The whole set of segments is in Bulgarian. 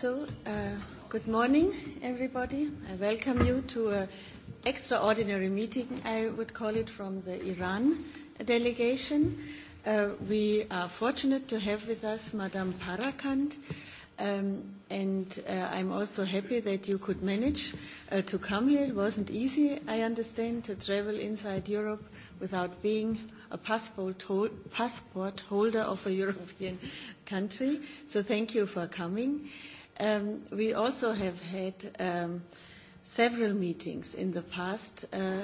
So, uh, good morning, everybody. I welcome you to an extraordinary meeting, I would call it, from the Iran delegation. Uh, we are fortunate to have with us Madame Parakant, and I'm also happy that you could manage to come here. It wasn't easy, I understand, to travel inside Europe without being a passport, holder of a European country. So thank you for coming. Um, we also have had um, several meetings in the past, uh,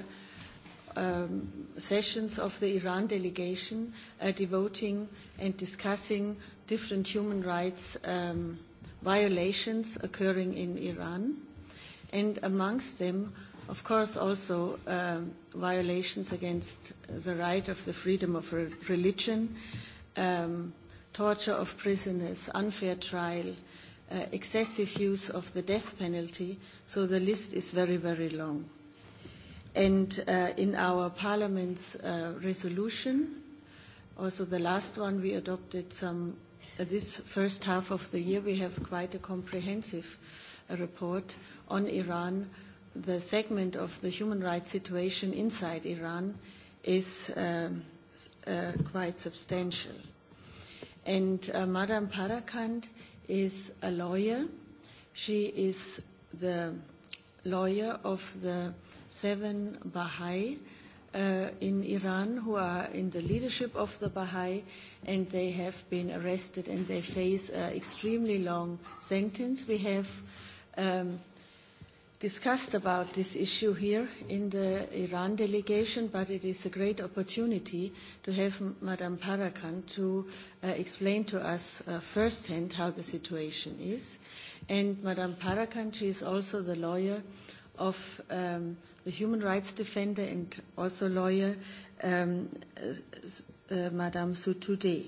um, sessions of the Iran delegation uh, devoting and discussing different human rights um, violations occurring in Iran, and amongst them, of course, also uh, violations against the right of the freedom of religion, um, torture of prisoners, unfair trial, uh, excessive use of the death penalty, so the list is very, very long. And uh, in our Parliament's uh, resolution, also the last one we adopted some, uh, this first half of the year we have quite a comprehensive uh, report on Iran. The segment of the human rights situation inside Iran is uh, uh, quite substantial. And uh, Madame Parakand is a lawyer. She is the lawyer of the seven Baha'i uh, in Iran who are in the leadership of the Baha'i and they have been arrested and they face an extremely long sentence. We have um, discussed about this issue here in the Iran delegation, but it is a great opportunity to have Madame Parakan to uh, explain to us uh, firsthand how the situation is. And Madame Parakan, she is also the lawyer of um, the human rights defender and also lawyer um, uh, Madame Sotoudeh.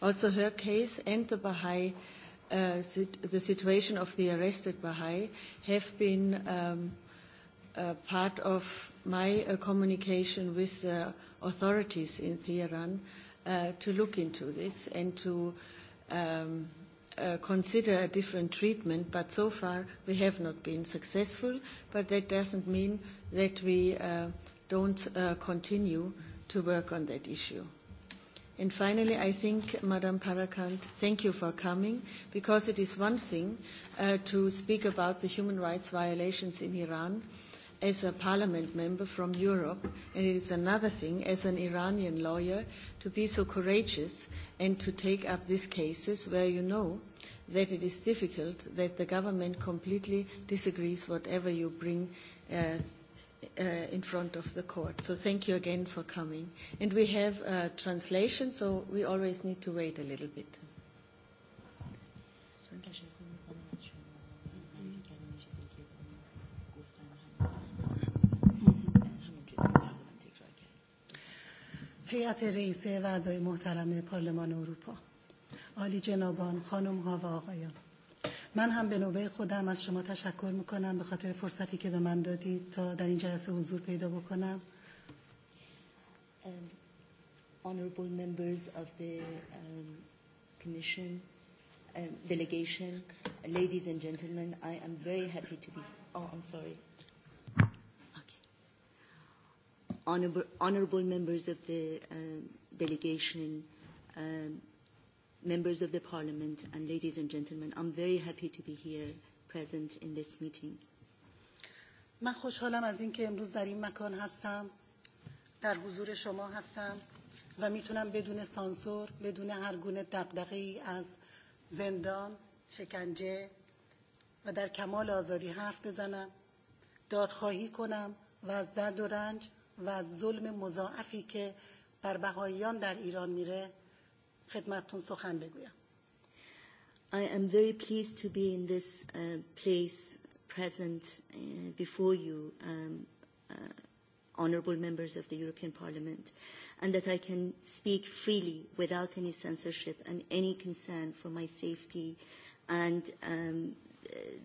Also her case and the Baha'i the situation of the arrested Baha'i have been um, uh, part of my uh, communication with the authorities in Tehran uh, to look into this and to um, uh, consider a different treatment, but so far we have not been successful, but that doesn't mean that we uh, don't uh, continue to work on that issue. And finally, I think, Madam Parakant, thank you for coming, because it is one thing uh, to speak about the human rights violations in Iran as a parliament member from Europe, and it is another thing as an Iranian lawyer to be so courageous and to take up these cases where you know that it is difficult, that the government completely disagrees whatever you bring uh, uh, in front of the court. So thank you again for coming. And we have a translation, so we always need to wait a little bit. هیئت رئیسه و اعضای محترم پارلمان اروپا عالی جنابان خانم ها و آقایان من هم به نوبه خودم از شما تشکر میکنم به خاطر فرصتی که به من دادید تا در این جلسه حضور پیدا بکنم honorable members of the um, commission um, delegation ladies and gentlemen i am very happy to be oh i'm sorry okay. honorable, honorable members of the um, delegation um, members of the Parliament, and ladies and gentlemen, I'm very happy to be here present in this meeting. من خوشحالم از اینکه امروز در این مکان هستم در حضور شما هستم و میتونم بدون سانسور بدون هر گونه دغدغه ای از زندان شکنجه و در کمال آزادی حرف بزنم دادخواهی کنم و از درد و رنج و از ظلم مضاعفی که بر بهاییان در ایران میره خدمتتون سخن بگویم I am very pleased to be in this uh, place present uh, before you, um, uh, honourable members of the European Parliament, and that I can speak freely without any censorship and any concern for my safety and um,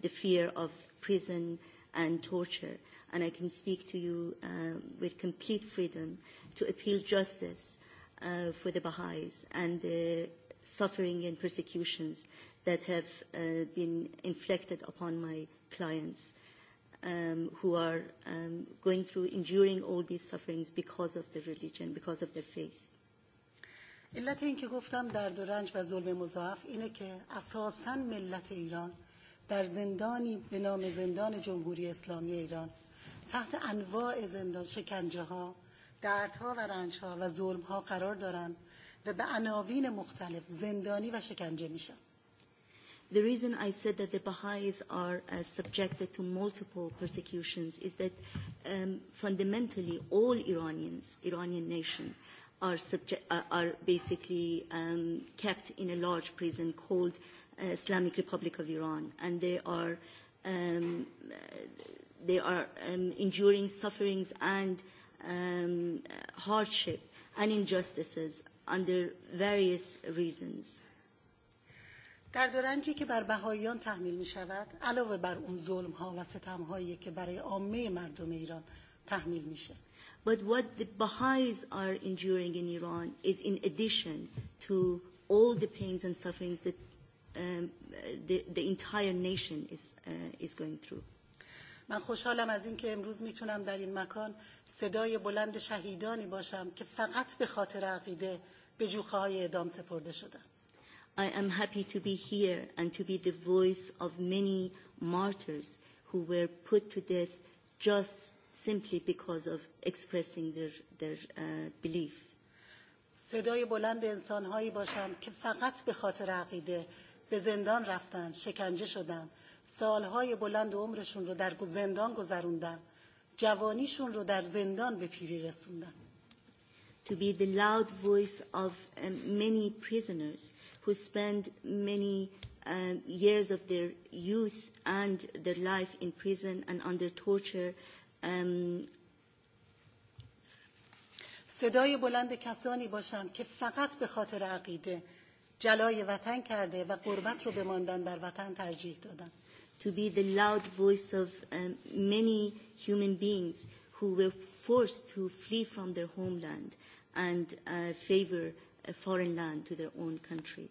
the fear of prison and torture. And I can speak to you um, with complete freedom to appeal justice uh, for the Baha'is and the suffering and persecutions that have uh, been inflicted upon my clients um, who are um, going through, enduring all these sufferings because of their religion, because of their faith. علت این که گفتم درد و رنج و ظلم مضاعف اینه که اساسا ملت ایران در زندانی به نام زندان جمهوری اسلامی ایران تحت انواع زندان شکنجه ها دردها و رنجها و ظلمها قرار دارن و به عناوین مختلف زندانی و شکنجه میشن The reason I said that the Baha'is are uh, subjected to multiple persecutions is that um, fundamentally all Iranians, Iranian nation, are, subject, uh, are basically um, kept in a large prison called uh, Islamic Republic of Iran, and they are um, they are um, enduring sufferings and uh, um, hardship and injustices under various reasons. در رنجی که بر بهاییان تحمیل می شود علاوه بر اون ظلم ها و ستم هایی که برای عامه مردم ایران تحمیل میشه But what the Baha'is are enduring in Iran is in addition to all the pains and sufferings that um, the, the entire nation is, uh, is going through. من خوشحالم از اینکه امروز میتونم در این مکان صدای بلند شهیدانی باشم که فقط به خاطر عقیده به جوخه های ادام سپرده شدن I am happy to be here and to be the voice of many martyrs who were put to death just simply because of expressing their, their uh, belief. صدای بلند انسانهایی باشم که فقط به خاطر عقیده به زندان رفتن، شکنجه شدند سالهای بلند عمرشون رو در زندان گذروندن جوانیشون رو در زندان به پیری رسوندن to be the loud voice of many prisoners who spend many um, years of their youth and their life in prison and under torture um, صدای بلند کسانی باشم که فقط به خاطر عقیده جلای وطن کرده و قربت رو به ماندن بر وطن ترجیح دادند to be the loud voice of um, many human beings who were forced to flee from their homeland and uh, favor a foreign land to their own country.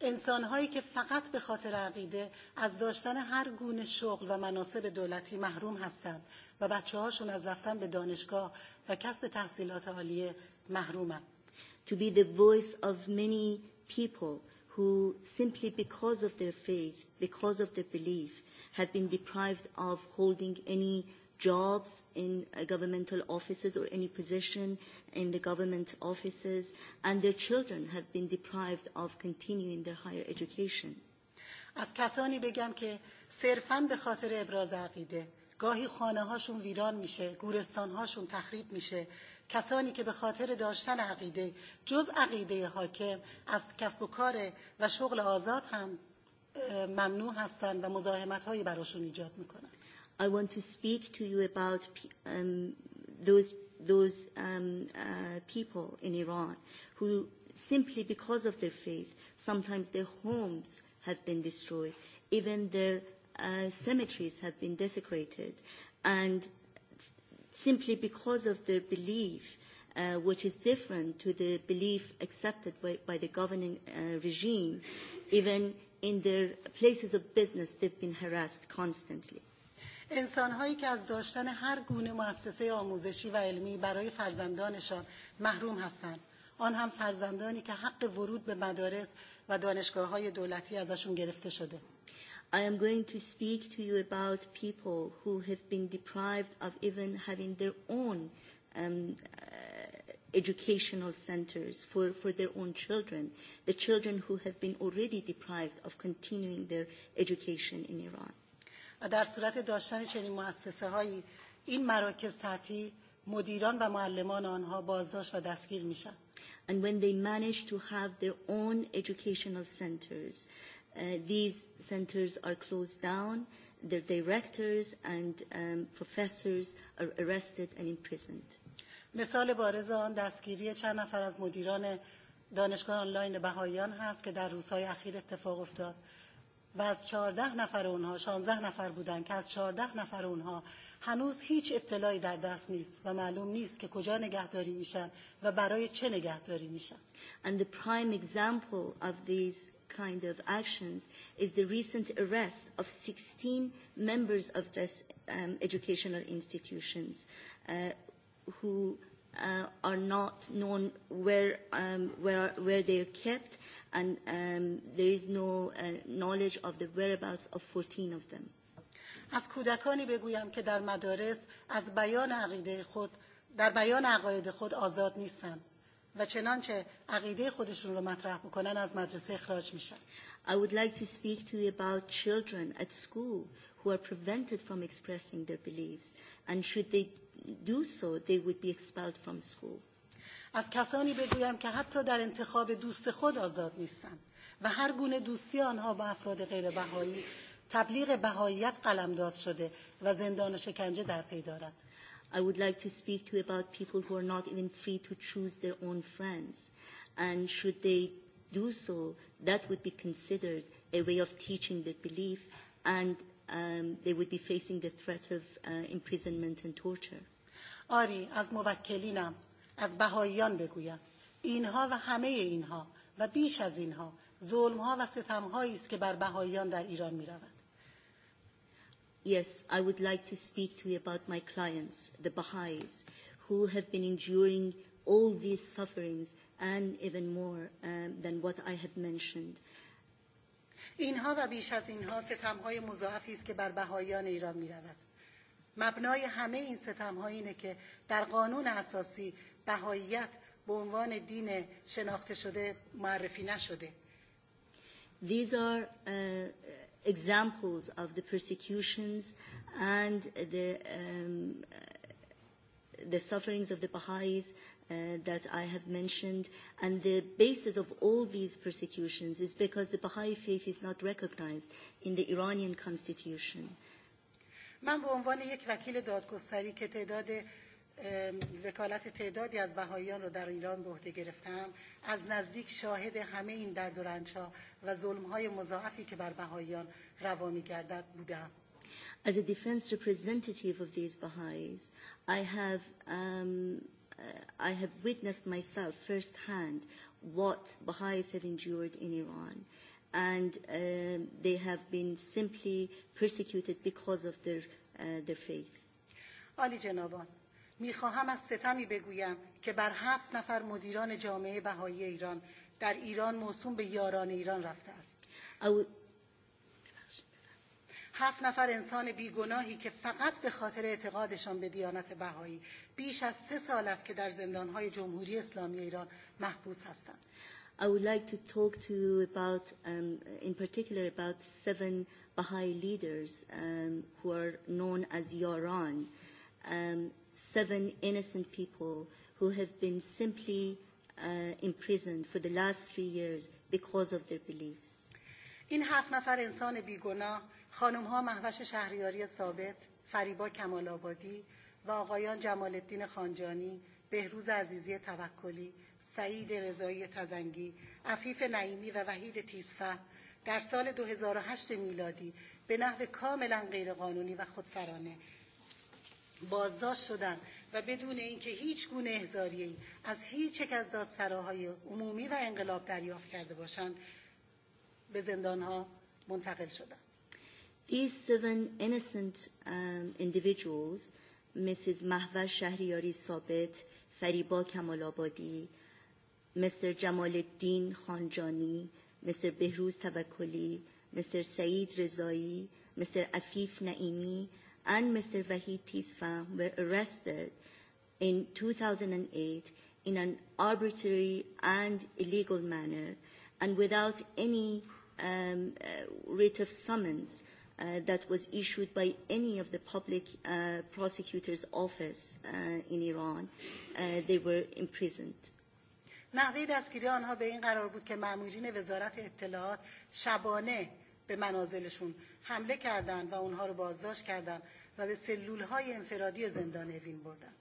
انسان هایی که فقط به خاطر عقیده از داشتن هر گونه شغل و مناسب دولتی محروم هستند و بچه هاشون از رفتن به دانشگاه و کسب تحصیلات عالیه محرومند. To be the voice of many people who simply because of their faith because of their belief, have been deprived of holding any jobs in uh, governmental offices or any position in the government offices, and their children have been deprived of continuing their higher education. از کسانی بگم که صرفا به خاطر ابراز عقیده گاهی خانه هاشون ویران میشه گورستان هاشون تخریب میشه کسانی که به خاطر داشتن عقیده جز عقیده حاکم از کسب و کار و شغل آزاد هم ممنوع هستند و مزاحمت هایی براشون ایجاد میکنن I want to speak to you about um, those those um, uh, people in Iran who simply because of their faith, sometimes their homes have been destroyed, even their uh, cemeteries have been desecrated, and simply because of their belief, uh, which is different to the belief accepted by, by the governing uh, regime, even in their places of business, they've been harassed constantly. انسان هایی که از داشتن هر گونه مؤسسه آموزشی و علمی برای فرزندانشان محروم هستند آن هم فرزندانی که حق ورود به مدارس و دانشگاه های دولتی ازشون گرفته شده I am going to speak to you about people who have been deprived of even having their own um, educational centers for, for their own children, the children who have been already deprived of continuing their education in Iran. در صورت داشتن چنین مؤسسه هایی این مراکز تحتی مدیران و معلمان آنها بازداشت و دستگیر میشن and when they manage to have their own educational centers uh, these centers are closed down their directors and um, professors are arrested and imprisoned مثال بارز آن دستگیری چند نفر از مدیران دانشگاه آنلاین بهاییان هست که در روزهای اخیر اتفاق افتاد و از چهارده نفر اونها شانزده نفر بودند که از چهارده نفر اونها هنوز هیچ اطلاعی در دست نیست و معلوم نیست که کجا نگهداری میشن و برای چه نگهداری میشن And the prime example of these kind of actions is the recent arrest of 16 members of this um, educational institutions uh, who uh, are not known where, um, where, where they are kept, and um, there is no uh, knowledge of the whereabouts of 14 of them. از کودکانی بگویم که در مدارس از بیان عقیده خود در بیان عقاید خود آزاد نیستند و چنانچه عقیده خودشون رو مطرح بکنن از مدرسه اخراج میشن I would like to speak to you about children at school who are prevented from expressing their beliefs and should they do so, they would be expelled from school. از کسانی بگویم که حتی در انتخاب دوست خود آزاد نیستند و هر گونه دوستی آنها با افراد غیر بهایی تبلیغ بهاییت قلمداد شده و زندان و شکنجه در پی دارد. I would like to speak to about people who are not even free to choose their own friends and should they do so that would be considered a way of teaching their belief and um, they would be facing the threat of uh, imprisonment and torture. آری از موکلینم از بهاییان بگویم اینها و همه اینها و بیش از اینها ظلم ها و ستم هایی است که بر بهاییان در ایران می رود Yes, I would like to speak to you about my clients, the Baha'is, who have been enduring all these sufferings and even more um, than what I have mentioned. اینها و بیش از اینها ستمهای مضاعفی است که بر بهاییان ایران می رود. مبنای همه این ستمها اینه که در قانون اساسی بهاییت به عنوان دین شناخته شده معرفی نشده These are uh, examples of the persecutions and the, um, the sufferings of the Baha'is uh that I have mentioned. And the basis of all these persecutions is because the Baha'i faith is not recognized in the Iranian constitution. من به عنوان یک وکیل دادگستری که تعداد وکالت تعدادی از بهاییان را در ایران به عهده گرفتم از نزدیک شاهد همه این درد و رنجها و ظلمهای مضاعفی که بر بهاییان روا میگردد بودم As a defense representative of these Baha'is, I have um, I have witnessed myself firsthand what Baha'is have endured in Iran. And um, they have been simply persecuted because of their, uh, their faith. عالی جنابان میخواهم از ستمی بگویم که بر هفت نفر مدیران جامعه بهایی ایران در ایران موسوم به یاران ایران رفته است I would هفت نفر انسان بیگناهی که فقط به خاطر اعتقادشان به دیانت بهایی بیش از سه سال است که در زندانهای جمهوری اسلامی ایران محبوس هستند I would like to talk to you about, um, in particular, about seven Baha'i leaders um, who are known as Yaran, um, seven innocent people who have been simply uh, imprisoned for the last three years because of their beliefs. این هفت نفر انسان بیگناه خانم ها محوش شهریاری ثابت فریبا کمال آبادی و آقایان جمال الدین خانجانی بهروز عزیزی توکلی سعید رضایی تزنگی عفیف نعیمی و وحید تیزفه در سال 2008 میلادی به نحو کاملا غیرقانونی و خودسرانه بازداشت شدند و بدون اینکه هیچ گونه احضاریه‌ای از هیچ یک از دادسراهای عمومی و انقلاب دریافت کرده باشند به زندان ها منتقل شدند These seven innocent um, individuals, Mrs. Mahva Shahriyari Sobit, Fariba Kamalabadi, Mr. Jamaluddin Khanjani, Mr. Behruz Tabakuli, Mr. Saeed Rizai, Mr. Afif Naimi, and Mr. Vahid Tisfam were arrested in 2008 in an arbitrary and illegal manner and without any um, uh, writ of summons that was issued by any of the public uh, prosecutor's office uh, in Iran, uh, they were imprisoned. نحوه دستگیری آنها به این قرار بود که مامورین وزارت اطلاعات شبانه به منازلشون حمله کردند و اونها رو بازداشت کردند و به سلول های انفرادی زندان اوین بردند.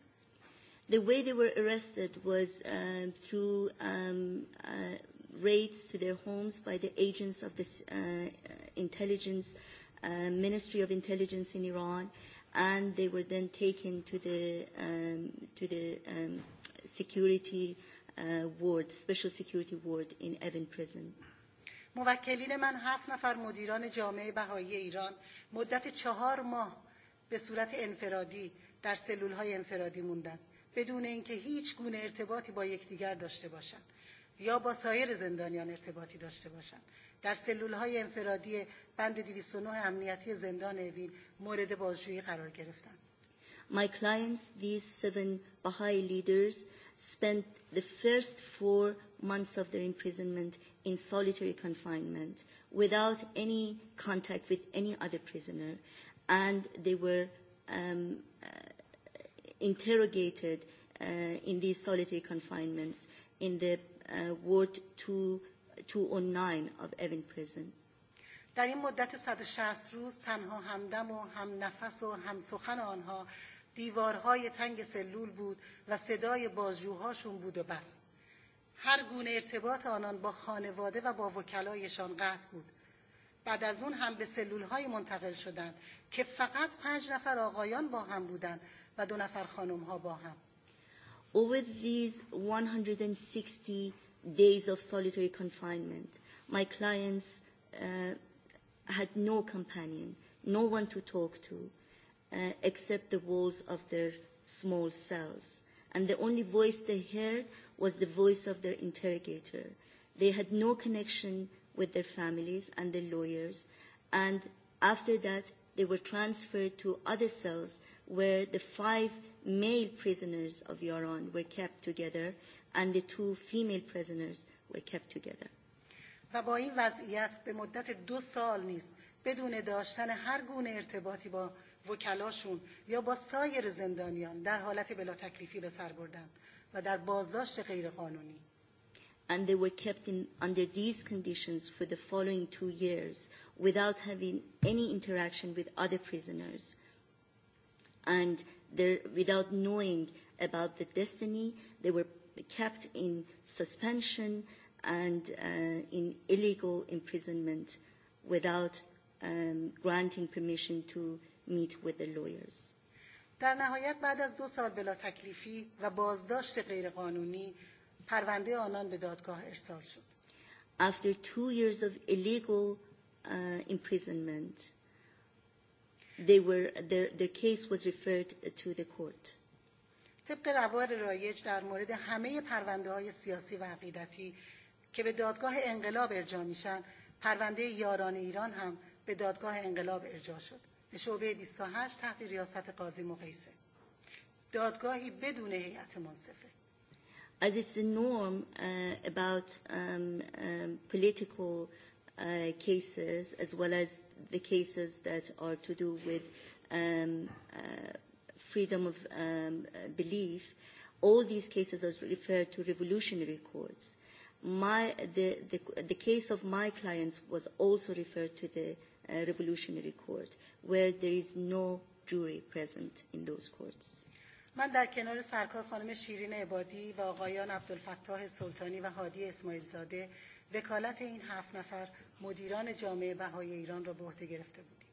The way they were arrested was um, through um, uh, raids to their homes by the agents of the uh, intelligence uh, uh, Ministry of Intelligence in Iran, and they were then taken to the um, to the um, security uh, ward, special security ward in Evin prison. موکلین من هفت نفر مدیران جامعه بهایی ایران مدت چهار ماه به صورت انفرادی در سلول های انفرادی موندن بدون اینکه هیچ گونه ارتباطی با یکدیگر داشته باشند یا با سایر زندانیان ارتباطی داشته باشند در سلول های انفرادی بند 209 امنیتی زندان اوین مورد بازجویی قرار گرفتند. My clients, these seven Baha'i leaders, spent the first four months of their imprisonment in solitary confinement without any contact with any other prisoner, and they were um, uh, interrogated uh, in these solitary confinements in the uh, Ward 2, 209 of Evan Prison. در این مدت 160 روز تنها همدم و هم نفس و هم سخن آنها دیوارهای تنگ سلول بود و صدای بازجوهاشون بود و بس هر گونه ارتباط آنان با خانواده و با وکلایشان قطع بود بعد از اون هم به سلولهای منتقل شدند که فقط پنج نفر آقایان با هم بودند و دو نفر خانم ها با هم Over these 160 days of solitary confinement, my clients uh, had no companion, no one to talk to, uh, except the walls of their small cells. And the only voice they heard was the voice of their interrogator. They had no connection with their families and their lawyers. And after that, they were transferred to other cells where the five male prisoners of Yaron were kept together and the two female prisoners were kept together. و با این وضعیت به مدت دو سال نیز بدون داشتن هر گونه ارتباطی با وکلاشون یا با سایر زندانیان در حالت بلا تکلیفی به سر بردند و در بازداشت غیرقانونی and they were kept in, under these conditions for the following two years without having any interaction with other prisoners and without knowing about the destiny. They were kept in suspension and uh, in illegal imprisonment without um, granting permission to meet with the lawyers. در نهایت بعد از دو سال بلا تکلیفی و بازداشت غیرقانونی پرونده آنان به دادگاه ارسال شد. After two years of illegal uh, imprisonment, they were, their, their case was referred to the court. طبق روار رایج در مورد همه پرونده های سیاسی و عقیدتی که به دادگاه انقلاب ارجاع میشن پرونده یاران ایران هم به دادگاه انقلاب ارجاع شد به شعبه 28 تحت ریاست قاضی مقیسه دادگاهی بدون هیئت منصفه As it's the norm uh, about um, um, political uh, cases as well as the cases that are to do with um, uh, freedom of um, belief, all these cases are referred to revolutionary courts my, the, the, the case of my clients was also referred to the uh, Revolutionary Court, where there is no jury present in those courts. من در کنار سرکار خانم شیرین عبادی و آقایان عبدالفتاح سلطانی و هادی اسماعیل زاده وکالت این هفت نفر مدیران جامعه بهای ایران را به عهده گرفته بودیم.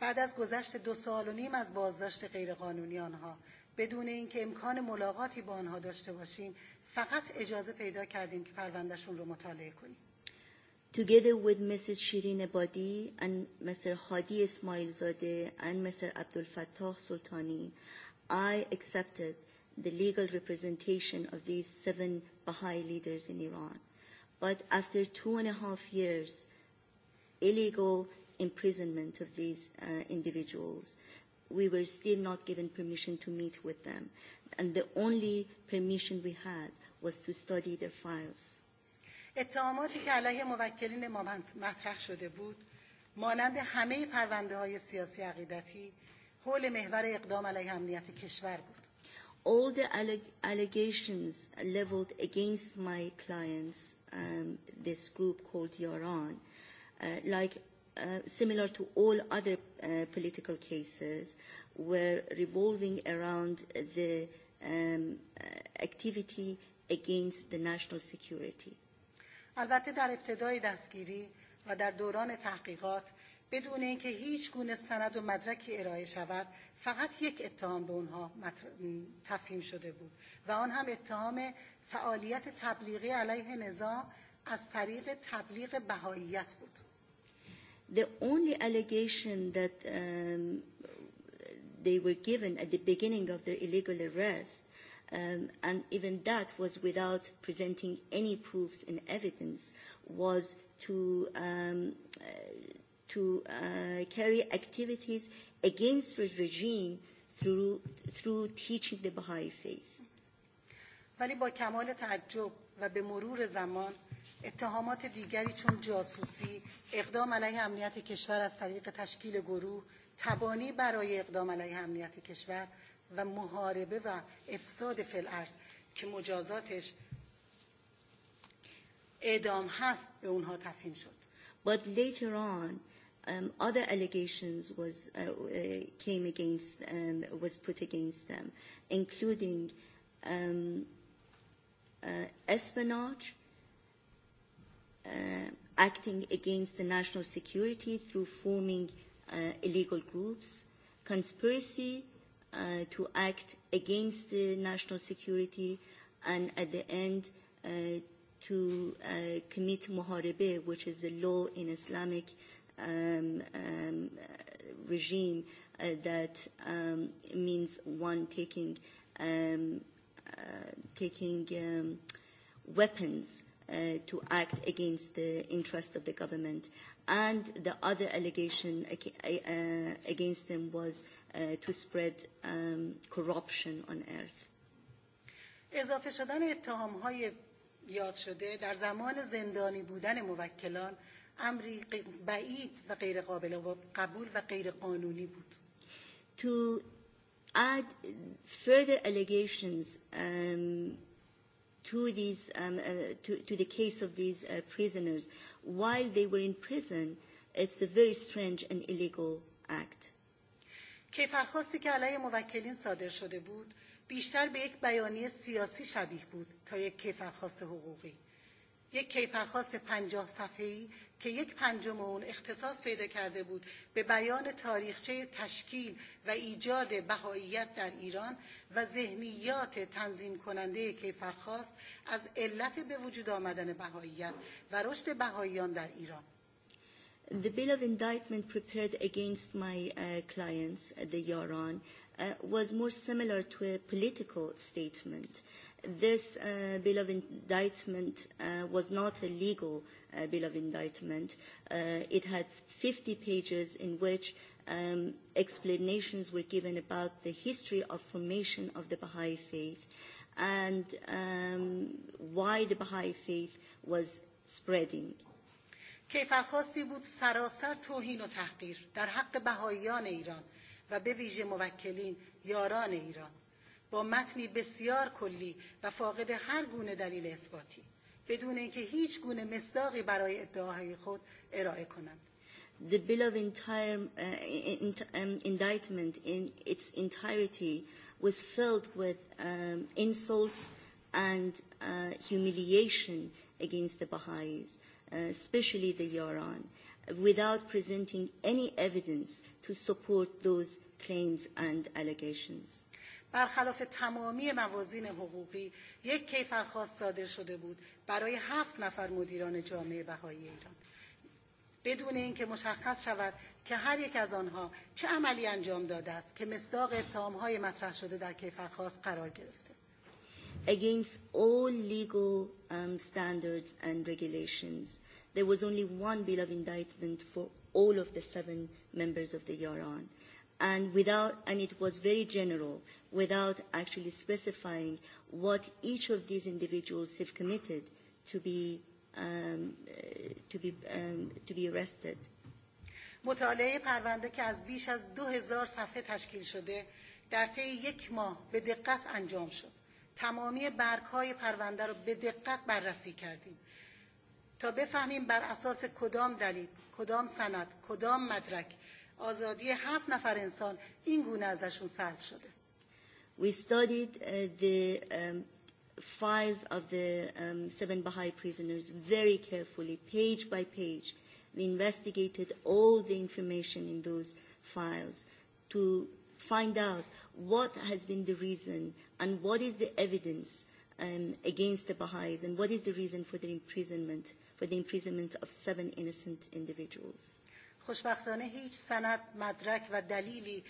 بعد از گذشت دو سال و نیم از بازداشت غیرقانونی آنها بدون اینکه امکان ملاقاتی با آنها داشته باشیم فقط اجازه پیدا کردیم که پروندهشون رو مطالعه کنیم Together with Mrs. Shirin Abadi and Mr. Hadi Ismail Zadeh and Mr. Abdul Fattah Sultani, I accepted the legal representation of these seven Baha'i leaders in Iran. But after two and a half years, illegal imprisonment of these uh, individuals, we were still not given permission to meet with them. And the only permission we had was to study their files. اتهاماتی که علیه موکلین ما مطرح شده بود مانند همه پرونده های سیاسی عقیدتی حول محور اقدام علیه امنیت کشور بود all the allegations leveled against my clients, um, this group called Yaran, uh, like uh, similar to all other uh, political cases, were revolving around the um, activity against the national security. البته در ابتدای دستگیری و در دوران تحقیقات بدون اینکه هیچ گونه سند و مدرکی ارائه شود فقط یک اتهام به اونها تفهیم شده بود و آن هم اتهام فعالیت تبلیغی علیه نظام از طریق تبلیغ بهاییت بود The only allegation that um, they were given at the beginning of their illegal arrest um, and even that was without presenting any proofs and evidence, was to, um, uh, to uh, carry activities against the regime through, through teaching the Baha'i faith. ولی با کمال تعجب و به مرور زمان اتهامات دیگری چون جاسوسی اقدام علیه امنیت کشور از طریق تشکیل گروه تبانی برای اقدام علیه امنیت کشور و محاربه و افساد فلعرز که مجازاتش اعدام هست به اونها تفهیم شد But later on, um, other allegations was, uh, came against, um, was put against them, including um, uh, espionage, uh, acting against the national security through forming uh, illegal groups, conspiracy uh, to act against the national security and at the end uh, to uh, commit muharibe, which is a law in Islamic um, um, regime uh, that um, means one taking um, uh, taking um, weapons uh, to act against the interest of the government. And the other allegation uh, against them was uh, to spread um corruption on earth. اضافه شدن اتهام های یاد شده در زمان زندانی بودن موکلان امری بعید و غیر قابل قبول و غیر قانونی بود. To add further allegations um, to these um, uh, to, to the case of these uh, prisoners while they were in prison, it's a very strange and illegal act. کیفرخواستی که علیه موکلین صادر شده بود بیشتر به یک بیانیه سیاسی شبیه بود تا یک کیفرخواست حقوقی یک کیفرخواست پنجاه صفحه‌ای که یک پنجم اون اختصاص پیدا کرده بود به بیان تاریخچه تشکیل و ایجاد بهاییت در ایران و ذهنیات تنظیم کننده کیفرخواست از علت به وجود آمدن بهاییت و رشد بهاییان در ایران The bill of indictment prepared against my uh, clients, the Yaran, uh, was more similar to a political statement. This uh, bill of indictment uh, was not a legal uh, bill of indictment. Uh, it had 50 pages in which um, explanations were given about the history of formation of the Baha'i faith and um, why the Baha'i faith was spreading کیفرخواستی بود سراسر توهین و تحقیر در حق بهاییان ایران و به ویژه موکلین یاران ایران با متنی بسیار کلی و فاقد هر گونه دلیل اثباتی بدون اینکه هیچ گونه مصداقی برای ادعاهای خود ارائه کنند The bill of entire, uh, in, um, indictment in its entirety was filled with um, insults and uh, humiliation against the Baha'is. Uh, especially the Yaran, without presenting any evidence to support those claims and allegations. برخلاف تمامی موازین حقوقی یک کیفرخواست صادر شده بود برای هفت نفر مدیران جامعه بهایی ایران بدون اینکه مشخص شود که هر یک از آنها چه عملی انجام داده است که مصداق اتهامهای مطرح شده در کیفرخواست قرار گرفته against all legal um, standards and regulations. There was only one bill of indictment for all of the seven members of the Yaran. And, without, and it was very general, without actually specifying what each of these individuals have committed to be, um, to be, um, to be arrested. مطالعه پرونده که از بیش از دو هزار صفحه تشکیل شده در طی یک ماه به دقت انجام شد تمامی های پرونده رو به دقت بررسی کردیم تا بفهمیم بر اساس کدام دلیل کدام سند کدام مدرک آزادی هفت نفر انسان این گونه ازشون سلب شده We studied uh, the um, files of the um, seven Baha'i prisoners very carefully, page by page. We investigated all the information in those files to find out what has been the reason and what is the evidence um, against the Baha'is and what is the reason for the imprisonment, for the imprisonment of seven innocent individuals? خوشبختانه هیچ سند مدرک و دلیلی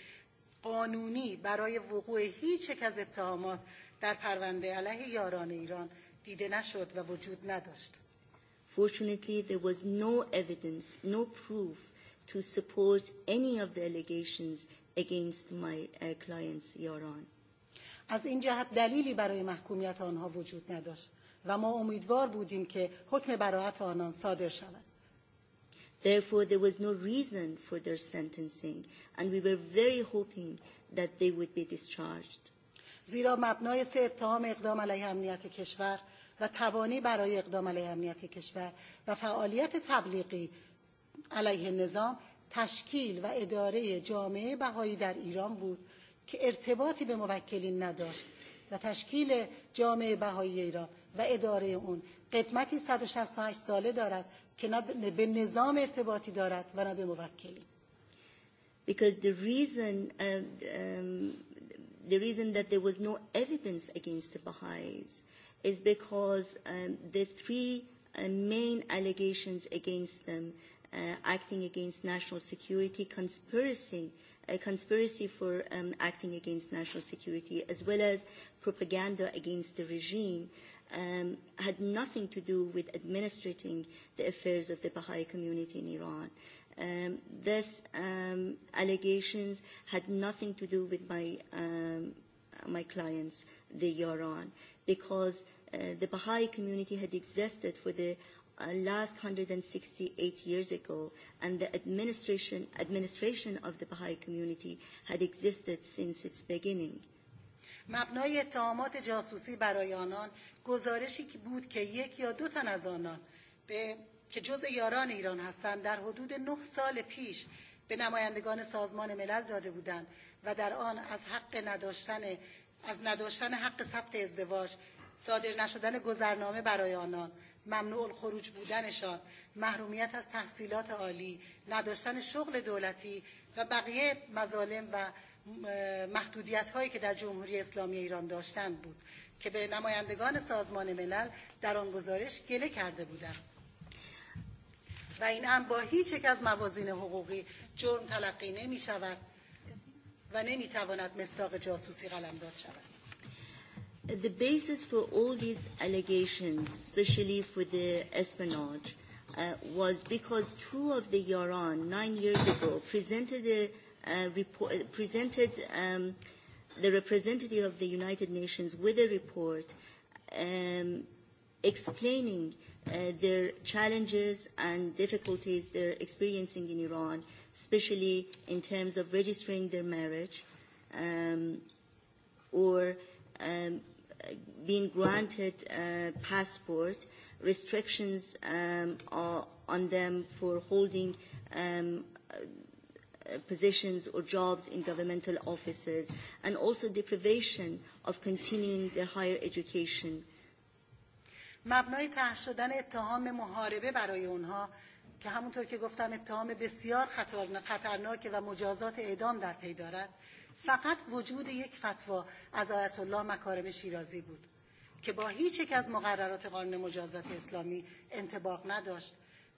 قانونی برای وقوع هیچ یک از اتهامات در پرونده علیه یاران ایران دیده نشد و وجود نداشت. Fortunately, there was no evidence, no proof to support any of the allegations against my uh, clients Iran. از این جهت دلیلی برای محکومیت آنها وجود نداشت و ما امیدوار بودیم که حکم براعت آنان صادر شود. Therefore, there was no reason for their sentencing, and we were very hoping that they would be discharged. زیرا مبنای سه اتهام اقدام علیه امنیت کشور و توانی برای اقدام علیه امنیت کشور و فعالیت تبلیغی علیه نظام تشکیل و اداره جامعه بهایی در ایران بود که ارتباطی به موکلین نداشت و تشکیل جامعه بهایی ایران و اداره اون قدمتی 168 ساله دارد که نه به نظام ارتباطی دارد و نه به موکلین because the reason uh, um, the reason that there was no evidence against the Baha'is is because um, the three uh, main allegations against them uh, acting against national security, conspiracy, a conspiracy for um, acting against national security, as well as propaganda against the regime, um, had nothing to do with administrating the affairs of the Baha'i community in Iran. Um, this um, allegations had nothing to do with my, um, my clients, the Yaran, because uh, the Baha'i community had existed for the last 168 years ago, and the administration, administration of the Baha'i community had existed since its beginning. مبنای اتهامات جاسوسی برای آنان گزارشی بود که یک یا دو تن از آنان به که جزء یاران ایران هستند در حدود نه سال پیش به نمایندگان سازمان ملل داده بودند و در آن از حق نداشتن از نداشتن حق ثبت ازدواج صادر نشدن گذرنامه برای آنان ممنوع الخروج بودنشان محرومیت از تحصیلات عالی نداشتن شغل دولتی و بقیه مظالم و محدودیت هایی که در جمهوری اسلامی ایران داشتند بود که به نمایندگان سازمان ملل در آن گزارش گله کرده بودند و این هم با هیچ یک از موازین حقوقی جرم تلقی نمی شود و نمی تواند مصداق جاسوسی قلمداد شود the basis for all these allegations, especially for the espionage, uh, was because two of the Yaran nine years ago presented a uh, report, presented um, the representative of the United Nations with a report um, explaining uh, their challenges and difficulties they're experiencing in Iran, especially in terms of registering their marriage um, or uh, um, been granted uh, passport restrictions um, are on them for holding um, positions or jobs in governmental offices and also deprivation of continuing their higher education. مبنای طرح شدن اتهام محاربه برای اونها که همونطور که گفتم اتهام بسیار خطرناک و مجازات اعدام در پی دارد فقط وجود یک فتوا از آیت الله مکارم شیرازی بود که با هیچ یک از مقررات قانون مجازات اسلامی انتباق نداشت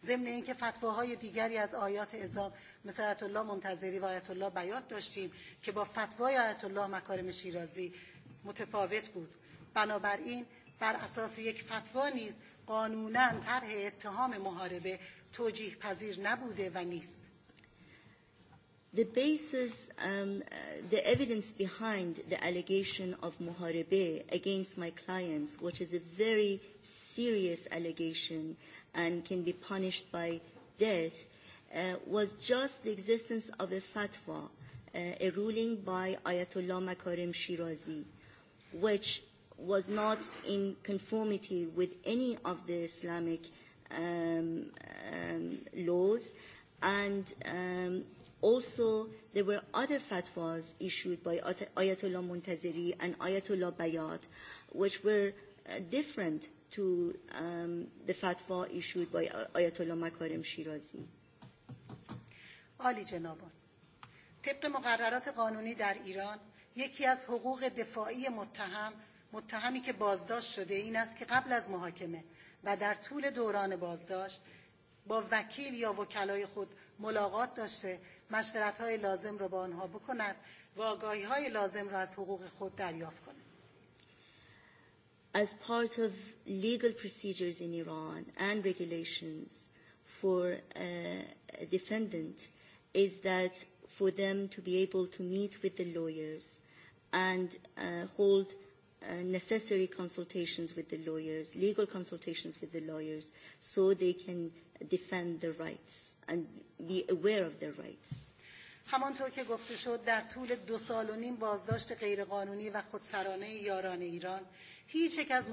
ضمن اینکه فتواهای دیگری از آیات اعزام مثل آیت الله منتظری و آیت الله بیات داشتیم که با فتوای آیت الله مکارم شیرازی متفاوت بود بنابراین بر اساس یک فتوا نیز قانونا طرح اتهام محاربه توجیه پذیر نبوده و نیست the basis, um, uh, the evidence behind the allegation of muharebe against my clients, which is a very serious allegation and can be punished by death, uh, was just the existence of a fatwa, uh, a ruling by Ayatollah Makarim Shirazi, which was not in conformity with any of the Islamic um, um, laws and um, also there were other fatwas issued by Ayatollah Muntaziri and Ayatollah Bayat, which were uh, different to um, the fatwa issued by Ayatollah Makarem Shirazi. عالی جنابان طبق مقررات قانونی در ایران یکی از حقوق دفاعی متهم متهمی که بازداشت شده این است که قبل از محاکمه و در طول دوران بازداشت با وکیل یا وکلای خود ملاقات داشته مشورت های لازم رو با آنها بکند و آگاهی های لازم را از حقوق خود دریافت کند. As part of legal procedures in Iran and regulations for a defendant is that for them to be able to meet with the lawyers and uh, hold uh, necessary consultations with the lawyers, legal consultations with the lawyers, so they can defend their rights and be aware of their rights. همانطور که گفته شد در طول دو سال و نیم بازداشت غیرقانونی و خودسرانه یاران ایران هیچ یک از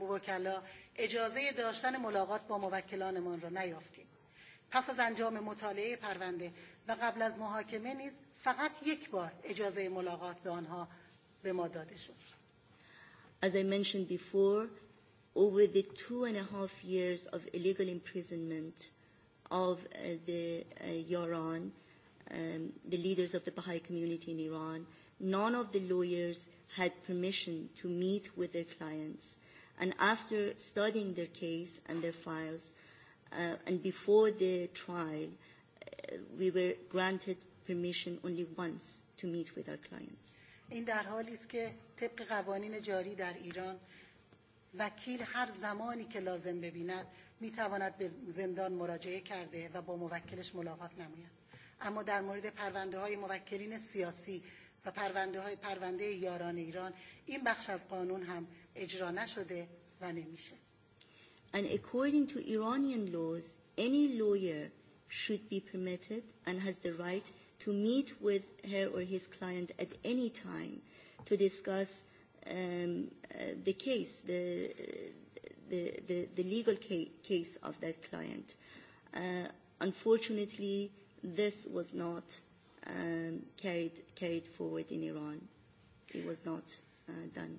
موکلا اجازه داشتن ملاقات با موکلانمان را نیافتیم پس از انجام مطالعه پرونده و قبل از محاکمه نیز فقط یک بار اجازه ملاقات به آنها به ما داده شد As I mentioned before, over the two and a half years of illegal imprisonment of uh, the uh, Yaran, um, the leaders of the Baha'i community in Iran, none of the lawyers had permission to meet with their clients. And after studying their case and their files, uh, and before the trial, uh, we were granted permission only once to meet with our clients. این در حالی است که طبق قوانین جاری در ایران وکیل هر زمانی که لازم ببیند میتواند به زندان مراجعه کرده و با موکلش ملاقات نماید اما در مورد پرونده های موکلین سیاسی و پرونده های پرونده یاران ایران این بخش از قانون هم اجرا نشده و نمیشه And according to Iranian laws, any lawyer should be permitted and has the right to meet with her or his client at any time to discuss um, uh, the case, the, the, the, the legal ca- case of that client. Uh, unfortunately, this was not um, carried, carried forward in Iran. It was not uh, done.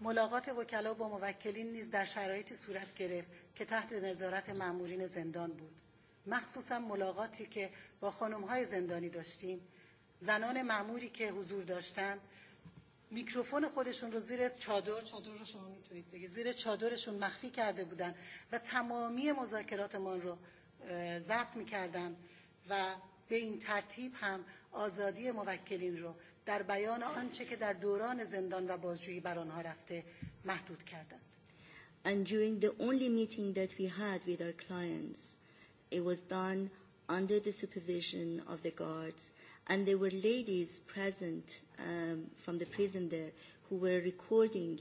ملاقات وکلا با موکلین نیز در شرایطی صورت گرفت که تحت نظارت مامورین زندان بود مخصوصا ملاقاتی که با خانم های زندانی داشتیم زنان معموری که حضور داشتند میکروفون خودشون رو زیر چادر چادر رو شما میتونید بگید زیر چادرشون مخفی کرده بودن و تمامی مذاکرات ما رو ضبط میکردن و به این ترتیب هم آزادی موکلین رو در بیان آنچه که در دوران زندان و بازجویی بر آنها رفته محدود کردند And during the only meeting that we had with our clients, it was done under the supervision of the guards And there were ladies present um, from the prison there who were recording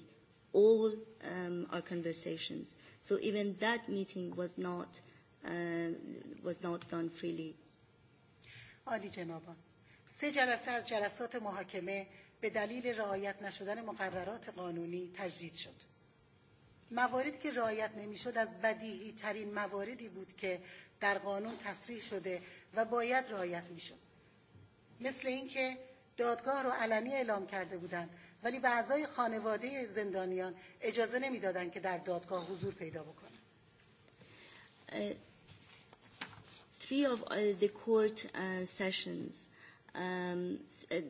all um, our conversations. So even that meeting was not uh, was not done freely. عالی جنابان سه جلسه از جلسات محاکمه به دلیل رعایت نشدن مقررات قانونی تجدید شد مواردی که رعایت نمیشد از بدیهی ترین مواردی بود که در قانون تصریح شده و باید رعایت میشد مثل اینکه دادگاه رو علنی اعلام کرده بودند ولی به اعضای خانواده زندانیان اجازه نمیدادند که در دادگاه حضور پیدا بکنند three of the court uh, sessions, um,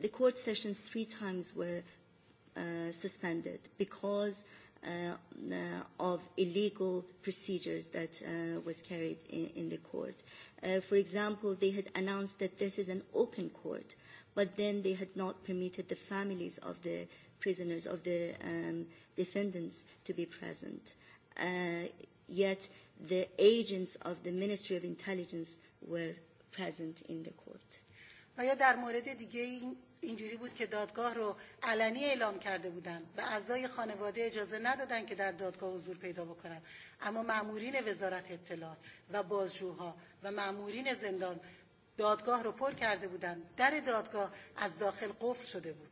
the court sessions three times were uh, suspended because uh, of illegal procedures that uh, was carried in, in the court. Uh, for example, they had announced that this is an open court, but then they had not permitted the families of the prisoners, of the um, defendants, to be present. Uh, yet the agents of the Ministry of Intelligence were present in the court. آیا در مورد دیگه این اینجوری بود که دادگاه رو علنی اعلام کرده بودن به اعضای خانواده اجازه ندادن که در دادگاه حضور پیدا بکنن اما مامورین وزارت اطلاعات و بازجوها و مامورین زندان دادگاه رو پر کرده بودن در دادگاه از داخل قفل شده بود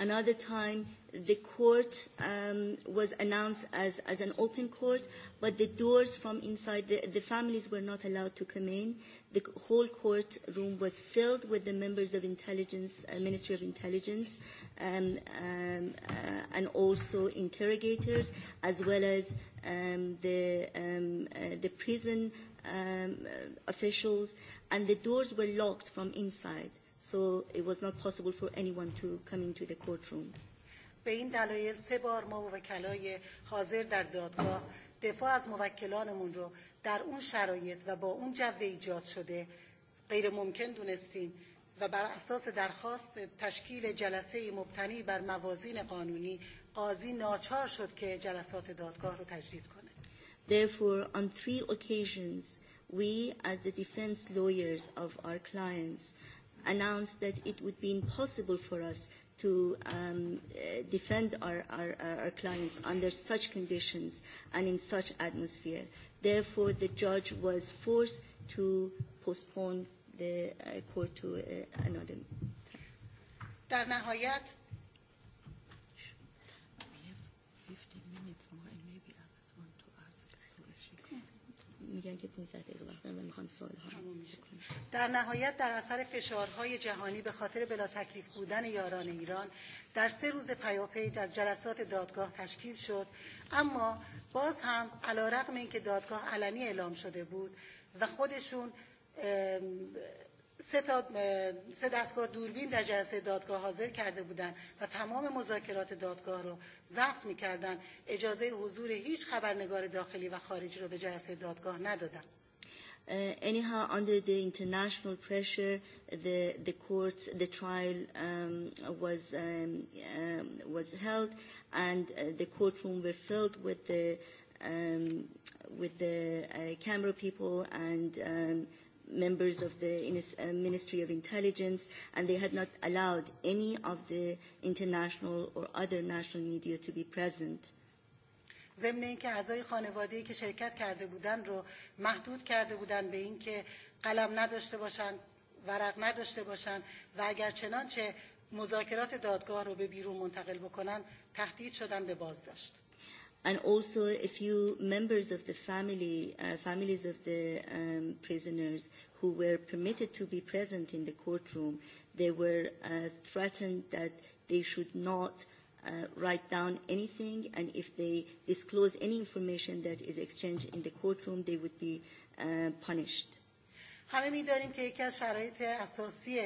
Another time the court um, was announced as, as an open court, but the doors from inside, the, the families were not allowed to come in. The whole court room was filled with the members of intelligence, uh, Ministry of Intelligence, um, um, uh, and also interrogators, as well as um, the, um, uh, the prison um, uh, officials, and the doors were locked from inside. So it was not possible for anyone to come into the courtroom. به این دلایل سه بار ما وکلای حاضر در دادگاه دفاع از موکلانمون رو در اون شرایط و با اون جو ایجاد شده غیر ممکن دونستیم و بر اساس درخواست تشکیل جلسه مبتنی بر موازین قانونی قاضی ناچار شد که جلسات دادگاه رو تجدید کنه Therefore, on three occasions, we, as the defense lawyers of our clients, announced that it would be impossible for us to um, uh, defend our, our, our clients under such conditions and in such atmosphere. Therefore, the judge was forced to postpone the uh, court to uh, another. در نهایت میگن که 15 دقیقه وقت و میخوان سوال ها در نهایت در اثر فشارهای جهانی به خاطر بلا تکلیف بودن یاران ایران در سه روز پیاپی در جلسات دادگاه تشکیل شد اما باز هم علیرغم اینکه دادگاه علنی اعلام شده بود و خودشون سه تا سه دستگاه دوربین در جلسه دادگاه حاضر کرده بودند و تمام مذاکرات دادگاه رو ضبط میکردند اجازه حضور هیچ خبرنگار داخلی و خارجی رو به جلسه دادگاه ندادن uh, anyhow, under the international pressure, the the court, the trial um, was um, um, was held, and uh, the courtroom were filled with the um, with the uh, camera people and um, members of the Ministry of Intelligence, and they had not allowed any of the international or other national media to be present. ضمن اینکه اعضای خانواده که شرکت کرده بودند رو محدود کرده بودند به اینکه قلم نداشته باشند ورق نداشته باشند و اگر چنانچه مذاکرات دادگاه رو به بیرون منتقل بکنن تهدید شدن به بازداشت and also a few members of the family, uh, families of the um, prisoners who were permitted to be present in the courtroom, they were uh, threatened that they should not uh, write down anything, and if they disclose any information that is exchanged in the courtroom, they would be uh, punished. همه میدانیم که یکی از شرایط اساسی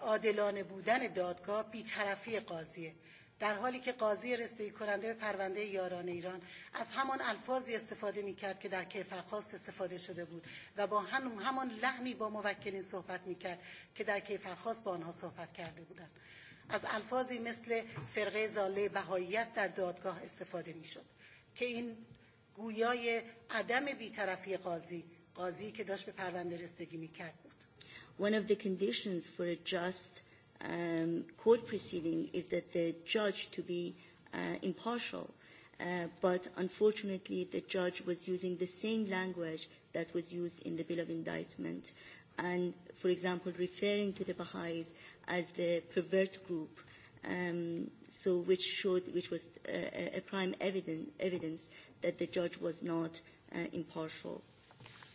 عادلانه بودن دادگاه بیطرفی قاضیه در حالی که قاضی رسته کننده به پرونده یاران ایران از همان الفاظی استفاده می کرد که در کیفرخواست استفاده شده بود و با هم همان لحنی با موکلین صحبت می کرد که در کیفرخواست با آنها صحبت کرده بودند از الفاظی مثل فرقه زاله بهاییت در دادگاه استفاده می شد که این گویای عدم بیطرفی قاضی قاضی که داشت به پرونده رسیدگی کرد بود One of the conditions for a just um, court proceeding is that the judge to be uh, impartial. Uh, but unfortunately, the judge was using the same language that was used in the Bill of Indictment. And, for example, referring to the Baha'is as the pervert group, um, so which showed, which was uh, a prime evidence, evidence that the judge was not uh, impartial.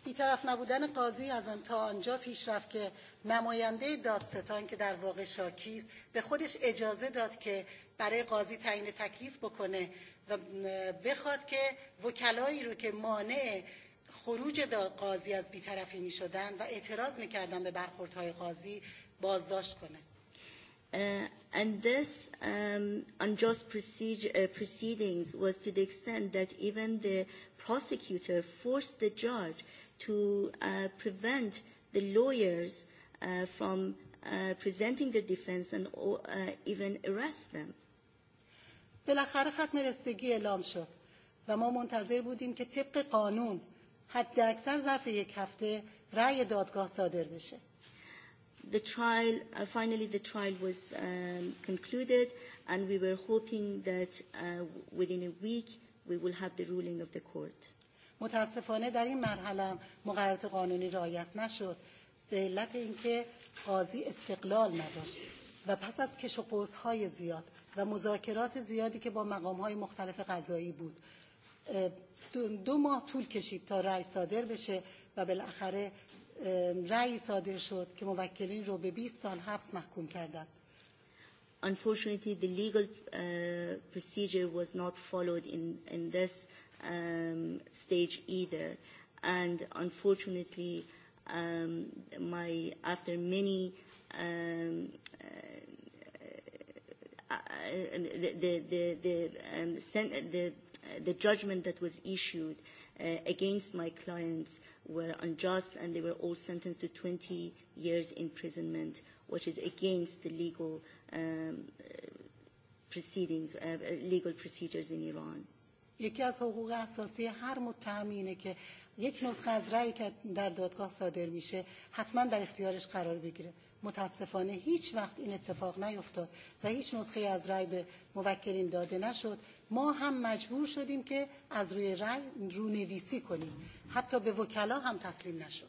بیطرف نبودن قاضی از تا آنجا پیش رفت که نماینده دادستان که در واقع شاکیز به خودش اجازه داد که برای قاضی تعیین تکلیف بکنه و بخواد که وکلایی رو که مانع خروج قاضی از بیطرفی می شدن و اعتراض می به برخوردهای قاضی بازداشت کنه Uh, and this um, unjust procedure, uh, proceedings was to the extent that even the prosecutor forced the judge to uh, prevent the lawyers uh, from uh, presenting their defense and uh, even arrest them. بالاخره ختم رسیدگی اعلام شد و ما منتظر بودیم که طبق قانون حد اکثر ظرف یک هفته رأی دادگاه صادر بشه. The trial, uh, finally, the trial was um, concluded, and we were hoping that uh, within a week we will have the ruling of the court. متاسفانه در این مرحله مقررات قانونی رعایت نشد به علت اینکه قاضی استقلال نداشت و پس از کش و های زیاد و مذاکرات زیادی که با مقام های مختلف قضایی بود دو ماه طول کشید تا رأی صادر بشه و بالاخره رأی صادر شد که موکلین رو به 20 سال حبس محکوم کردند. Unfortunately, the legal uh, procedure was not followed in, in this um, stage either. And unfortunately, um, my, after many um, uh, the, the, the, the, um, the, the judgment that was issued uh, uh, against my clients were unjust and they were all sentenced to 20 years imprisonment, which is against the legal um, proceedings, uh, legal procedures in Iran. یکی از حقوق اساسی هر متهم اینه که یک نسخه از رأی که در دادگاه صادر میشه حتما در اختیارش قرار بگیره متاسفانه هیچ وقت این اتفاق نیفتاد و هیچ نسخه از رأی به موکلین داده نشد ما هم مجبور شدیم که از روی رأی رونویسی کنیم حتی به وکلا هم تسلیم نشد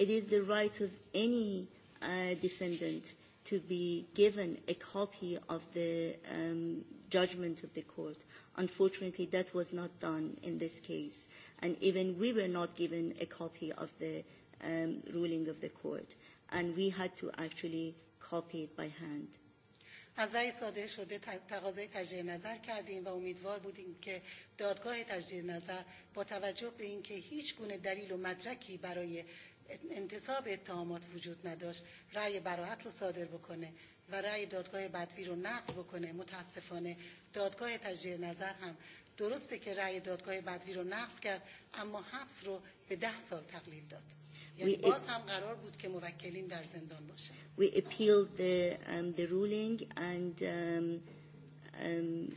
It is the right of any uh, defendant to be given a copy of the um, judgment of the court. Unfortunately, that was not done in this case, and even we were not given a copy of the um, ruling of the court, and we had to actually copy it by hand. از رأی صادر شده تقاضای تجدید نظر کردیم و امیدوار بودیم که دادگاه تجدید نظر با توجه به اینکه هیچ گونه دلیل و مدرکی برای انتصاب اتهامات وجود نداشت رأی براحت رو صادر بکنه و رأی دادگاه بدوی رو نقض بکنه متاسفانه دادگاه تجدید نظر هم درسته که رأی دادگاه بدوی رو نقض کرد اما حبس رو به ده سال تقلیل داد We appealed the, um, the ruling and um, um,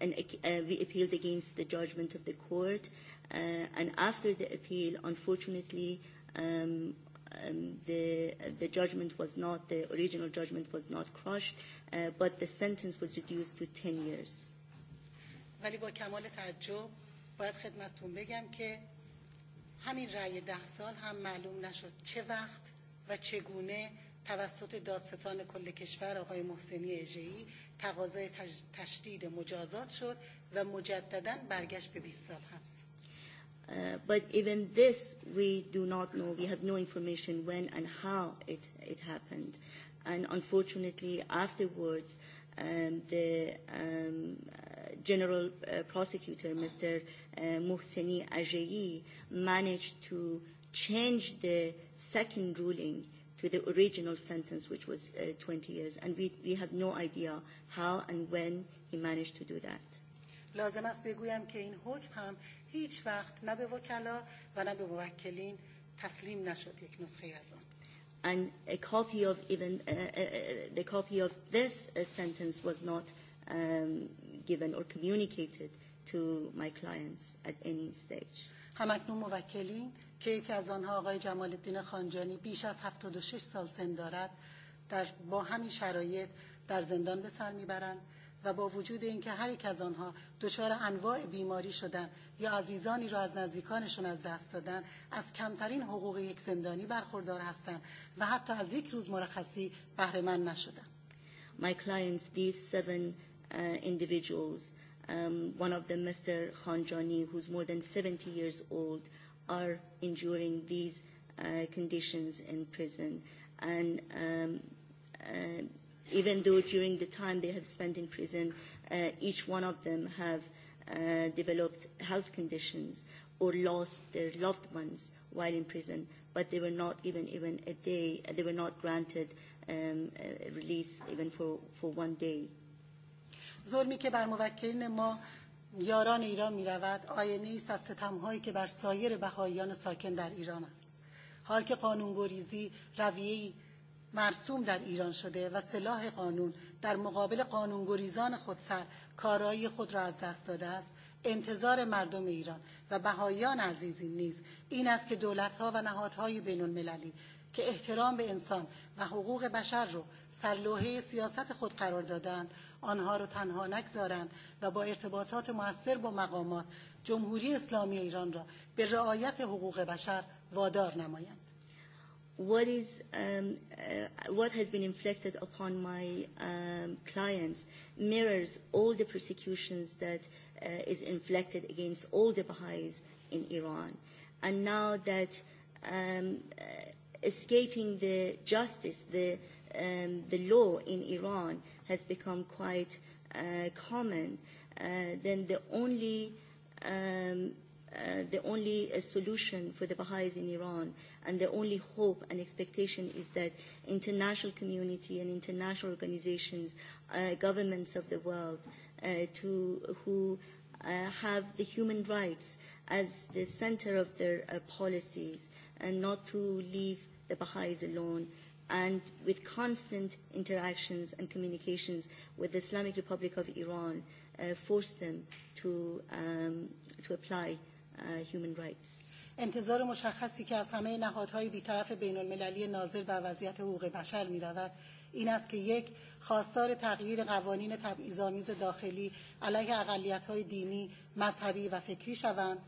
and uh, we appealed against the judgment of the court. Uh, and after the appeal, unfortunately, um, um, the the judgment was not the original judgment was not crushed, uh, but the sentence was reduced to 10 years. ولی با کمال تعجب باید خدمتتون بگم که همین رأی ده سال هم معلوم نشد چه وقت و چگونه توسط دادستان کل کشور آقای محسنی اجهی تقاضای تشدید مجازات شد و مجددا برگشت به 20 سال هست but even this we do not know. We have no information when and how it, it happened. And unfortunately, afterwards, uh, um, the um, uh, general uh, prosecutor, Mr. Uh, Mohseni Ajayi, managed to change the second ruling to the original sentence, which was uh, 20 years. And we, we have no idea how and when he managed to do that. لازم است بگویم که این حکم هم هیچ وقت نه به وکلا و نه به موکلین تسلیم نشد یک نسخه از آن and a copy of even uh, uh, the copy of this uh, sentence was not um, given or communicated to my clients at any stage. همکنون موکلین که یکی از آنها آقای جمال الدین خانجانی بیش از 76 سال سن دارد در با همین شرایط در زندان به سر میبرند و با وجود اینکه هر یک از آنها دچار انواع بیماری شدن یا عزیزانی را از نزدیکانشون از دست دادن از کمترین حقوق یک زندانی برخوردار هستند و حتی از یک روز مرخصی بهره مند نشدن My clients, these seven uh, individuals, um, one of them, Mr. Khanjani, who's more than 70 years old, are enduring these uh, conditions in prison. And um, uh, even though during the time they have spent in prison, uh, each one of them have uh, developed health conditions or lost their loved ones while in prison, but they were not given even a day, they were not granted um, a release even for, for one day. ظلمی که بر موکلین ما یاران ایران می رود آینه است از ستمهایی که بر سایر بهاییان ساکن در ایران است حال که قانون گریزی رویهی مرسوم در ایران شده و سلاح قانون در مقابل قانونگریزان خود سر کارایی خود را از دست داده است انتظار مردم ایران و بهایان عزیزی نیز این است که دولت‌ها و نهادهای المللی که احترام به انسان و حقوق بشر رو سر لوحه سیاست خود قرار دادند آنها را تنها نگذارند و با ارتباطات موثر با مقامات جمهوری اسلامی ایران را به رعایت حقوق بشر وادار نمایند what is um, uh, what has been inflicted upon my um, clients mirrors all the persecutions that uh, is inflicted against all the Baha'is in Iran. And now that um, uh, escaping the justice, the um, the law in Iran has become quite uh, common, uh, then the only um, the only uh, solution for the Baha'is in Iran and the only hope and expectation is that international community and international organizations, uh, governments of the world, uh, to, who uh, have the human rights as the center of their uh, policies and not to leave the Baha'is alone and with constant interactions and communications with the Islamic Republic of Iran, uh, force them to, um, to apply uh, human rights. انتظار مشخصی که از همه نهادهای بیطرف بین المللی ناظر بر وضعیت حقوق بشر می رود این است که یک خواستار تغییر قوانین تبعیض‌آمیز داخلی علیه اقلیت‌های دینی، مذهبی و فکری شوند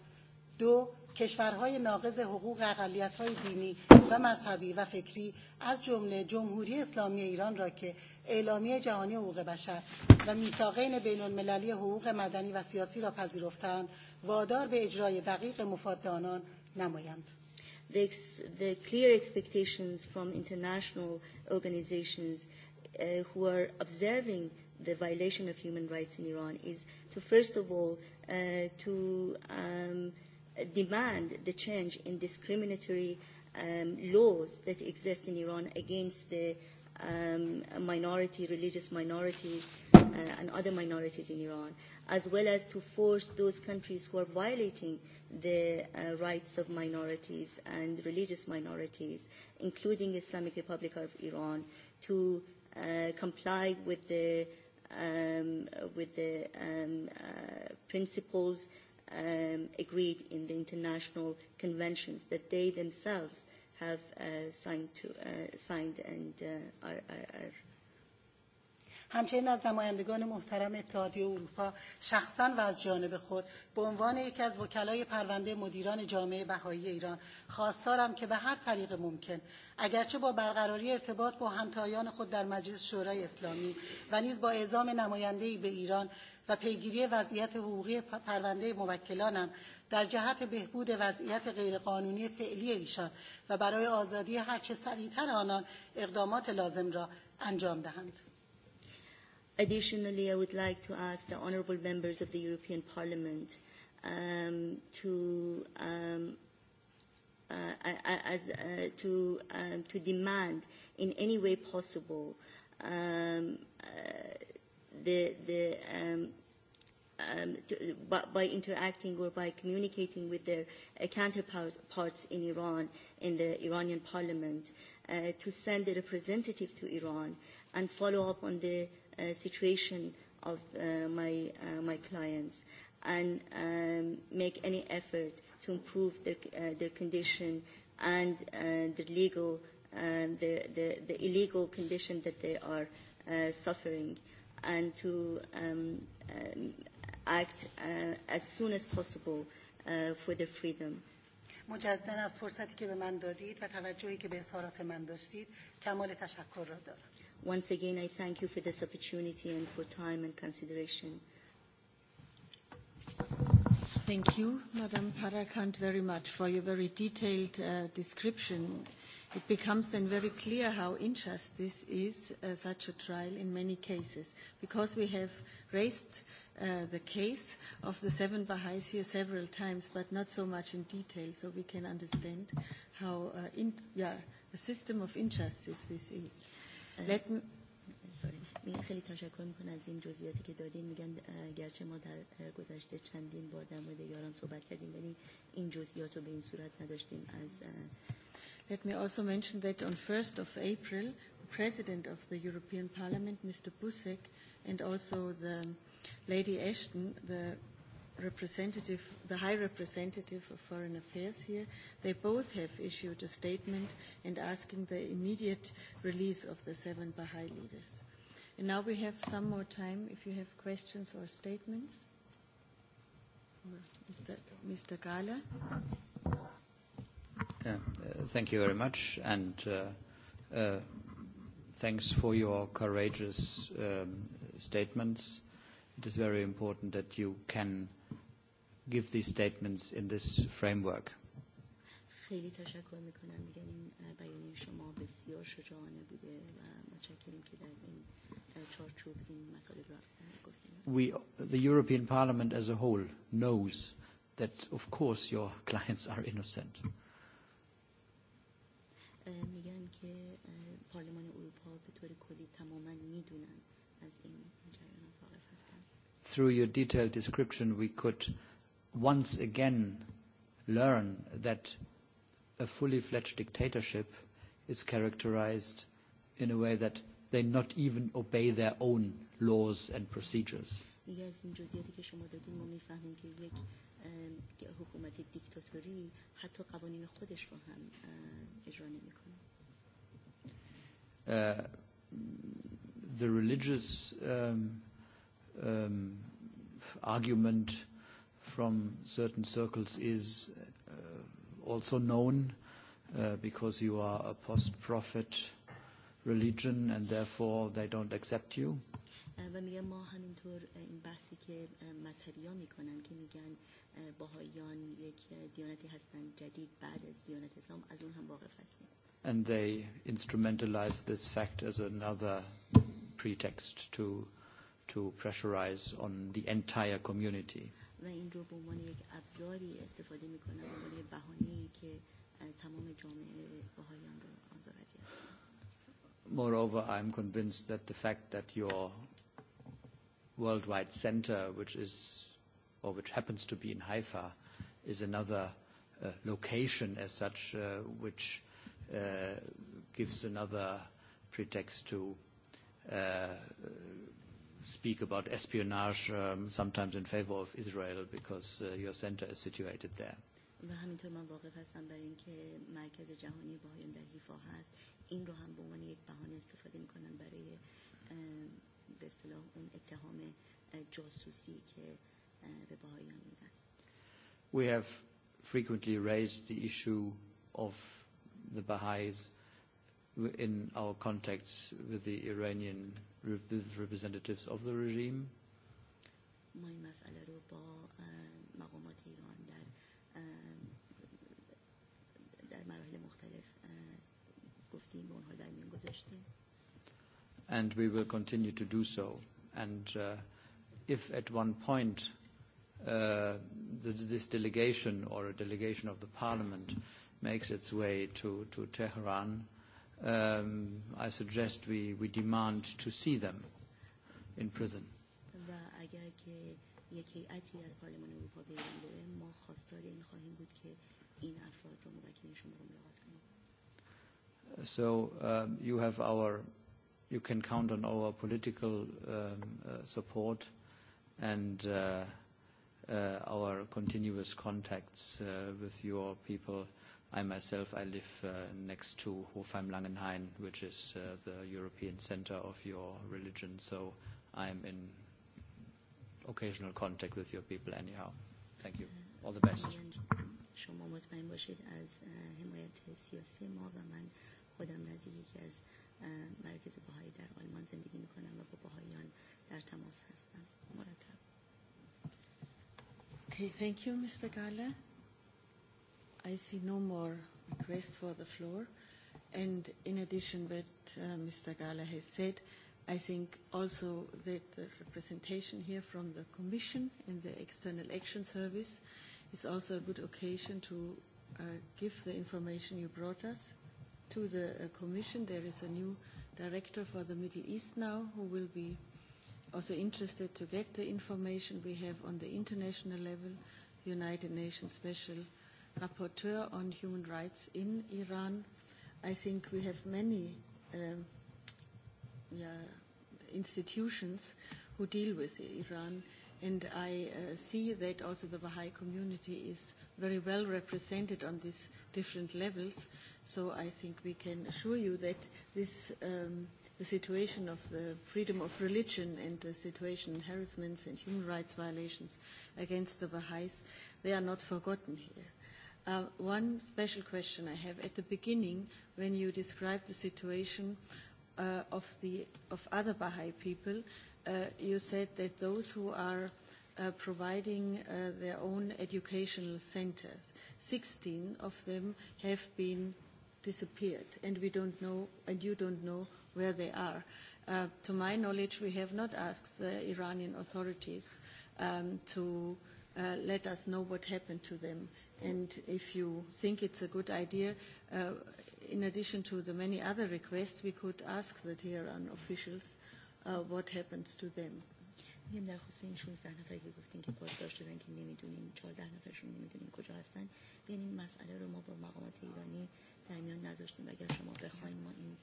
دو کشورهای ناقض حقوق اقلیت‌های دینی و مذهبی و فکری از جمله جمهوری اسلامی ایران را که اعلامیه جهانی حقوق بشر و میثاقین بین‌المللی حقوق مدنی و سیاسی را پذیرفتند وادار به اجرای دقیق مفاد آنان نمایند the, ex the clear expectations from international organizations uh, who are observing the violation of human rights in Iran is to first of all uh, to um, demand the change in discriminatory um, laws that exist in Iran against the um, minority, religious minorities, uh, and other minorities in Iran, as well as to force those countries who are violating the uh, rights of minorities and religious minorities, including Islamic Republic of Iran, to uh, comply with the um, with the um, uh, principles uh, um, agreed in the international conventions that they themselves have uh, signed, to, uh, signed and uh, are, are, are همچنین از نمایندگان محترم اتحادیه اروپا شخصا و از جانب خود به عنوان یکی از وکلای پرونده مدیران جامعه بهایی ایران خواستارم که به هر طریق ممکن اگرچه با برقراری ارتباط با همتایان خود در مجلس شورای اسلامی و نیز با اعزام نماینده‌ای به ایران و پیگیری وضعیت حقوقی پرونده موکلانم در جهت بهبود وضعیت غیرقانونی فعلی ایشان و برای آزادی هرچه سریعتر آنان اقدامات لازم را انجام دهند. Additionally, I would like to ask the honourable members of the European Parliament um, to um, uh, as, uh, to um, to demand in any way possible um, uh, the, the um, um, to, by, by interacting or by communicating with their uh, counterparts in Iran, in the Iranian parliament, uh, to send a representative to Iran and follow up on the uh, situation of uh, my, uh, my clients and um, make any effort to improve their, uh, their condition and uh, the legal, uh, the, the, the illegal condition that they are uh, suffering. Uh, and to um, uh, act uh, as soon as possible uh, for their freedom. مجددا از فرصتی که به من دادید و توجهی که به اظهارات من داشتید کمال تشکر را دارم. Once again, I thank you for this opportunity and for time and consideration. Thank you, Madam Parakant, very much for your very detailed uh, description it becomes then very clear how unjust this is, uh, such a trial in many cases, because we have raised uh, the case of the seven Baha'is here several times, but not so much in detail, so we can understand how uh, in, yeah, a system of injustice this is. Let me سوری میگن خیلی تشکر میکنه از این جزئیاتی که دادین میگن گرچه ما در گذشته چندین بار در مورد یاران صحبت کردیم ولی این جزئیات رو به این صورت نداشتیم از Let me also mention that on 1st of April, the President of the European Parliament, Mr. Buzek, and also the Lady Ashton, the representative, the High Representative of Foreign Affairs here, they both have issued a statement and asking the immediate release of the seven Baha'i leaders. And now we have some more time if you have questions or statements. Mr. Mr. Gala. Thank you very much, and thanks for your courageous statements. It is very important that you can give these statements in this framework. خیلی تشکر میکنم میگن این شما بسیار شجاعانه بوده و که در این چارچوب این مطالب را گفتیم. We, the European Parliament as a whole knows that of course your clients are innocent. میگن که پارلمان اروپا به طور کلی تماما میدونن از این جریان واقف هستن Through your detailed description we could once again learn that a fully fledged dictatorship is characterized in a way that they not even obey their own laws and procedures. حکومت دیکتاتوری حتی قوانین خودش رو هم اجرا نمیکنه the religious um, um, argument from certain circles is uh, also known uh, because you are a post-prophet religion and therefore they don't accept you. و میگن ما همینطور این بحثی که مذهبی ها میکنن که میگن باهایان یک دیانتی هستن جدید بعد از دیانت اسلام از اون هم واقف هستیم And they instrumentalize this fact as another pretext to, to pressurize on the entire community. و این رو به عنوان یک ابزاری استفاده میکنن به عنوان بهانه‌ای که تمام جامعه باهایان رو آزار اذیت Moreover, I'm convinced that the fact that your worldwide center, which is or which happens to be in Haifa, is another uh, location as such, uh, which uh, gives another pretext to uh, speak about espionage, um, sometimes in favor of Israel, because uh, your center is situated there. و همینطور من واقف هستم برای اینکه مرکز جهانی باهایان در هست این رو هم به عنوان یک بهانه استفاده برای به اصطلاح اون اتهام جاسوسی که به باهایان میدن We have frequently raised the issue of the Baha'is in our contacts with the Iranian representatives of the regime. ما این مسئله رو با مقامات ایران در در مراحل مختلف گفتیم به اونها در میون گذاشتیم and we will continue to do so. And uh, if at one point uh, the, this delegation or a delegation of the parliament makes its way to, to Tehran, um, I suggest we, we demand to see them in prison. So uh, you have our you can count on our political support and our continuous contacts with your people. I myself, I live next to Hofheim-Langenhain, which is the European center of your religion, so I'm in occasional contact with your people anyhow. Thank you. All the best. مرکز باهایی در آلمان زندگی میکنم و با باهاییان در تماس هستم مرتب Okay, thank you, Mr. Gala. I see no more requests for the floor. And in addition what uh, Mr. Gala has said, I think also that the representation here from the Commission and the External Action Service is also a good occasion to uh, give the information you brought us to the uh, Commission. There is a new director for the Middle East now who will be also interested to get the information we have on the international level, the United Nations Special Rapporteur on Human Rights in Iran. I think we have many um, yeah, institutions who deal with Iran, and I uh, see that also the Baha'i community is very well represented on this different levels. So I think we can assure you that this, um, the situation of the freedom of religion and the situation harassments and human rights violations against the Baha'is, they are not forgotten here. Uh, one special question I have at the beginning, when you described the situation uh, of the of other Baha'i people, uh, you said that those who are uh, providing uh, their own educational centers 16 of them have been disappeared, and we don't know, and you don't know where they are. Uh, to my knowledge, we have not asked the Iranian authorities um, to uh, let us know what happened to them. And if you think it's a good idea, uh, in addition to the many other requests, we could ask the Tehran officials uh, what happens to them. میگیم خصوص این 16 نفری که گفتین که پاداش دادن که نمیدونیم 14 نفرشون نمیدونیم کجا هستن یعنی این مسئله رو ما با مقامات ایرانی در میان نذاشتیم اگر شما بخواین ما این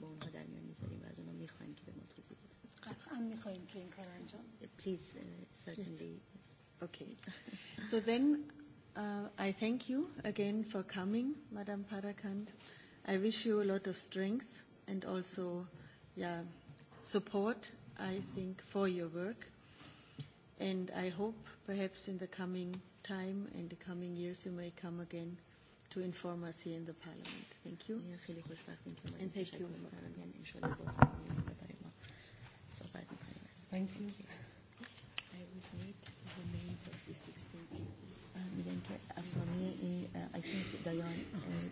با اونها در میان میذاریم و از اونها میخوایم که به ما توضیح بدن قطعا میخوایم که این کار انجام Please, uh, certainly. Okay. so then uh, I thank you again for coming, Madam Parakant. I wish you لوت lot of اند آلسو یا yeah, support I think, for your work. And I hope perhaps in the coming time and the coming years you may come again to inform us here in the Parliament. Thank you. And thank you. Thank you. I would need the names of the 16 people. Milenke I think Dion,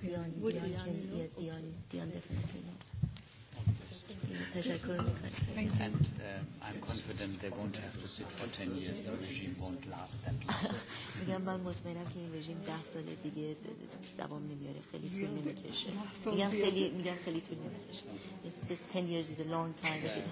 Dion, Dion, Dion, Dion definitely knows. And I'm confident they won't have to sit for years. The regime won't last that long. میگم من مطمئنم که این رژیم ده سال دیگه دوام نمیاره خیلی طول نمیکشه میگم خیلی میگم خیلی طول نمیکشه 10 years is a long time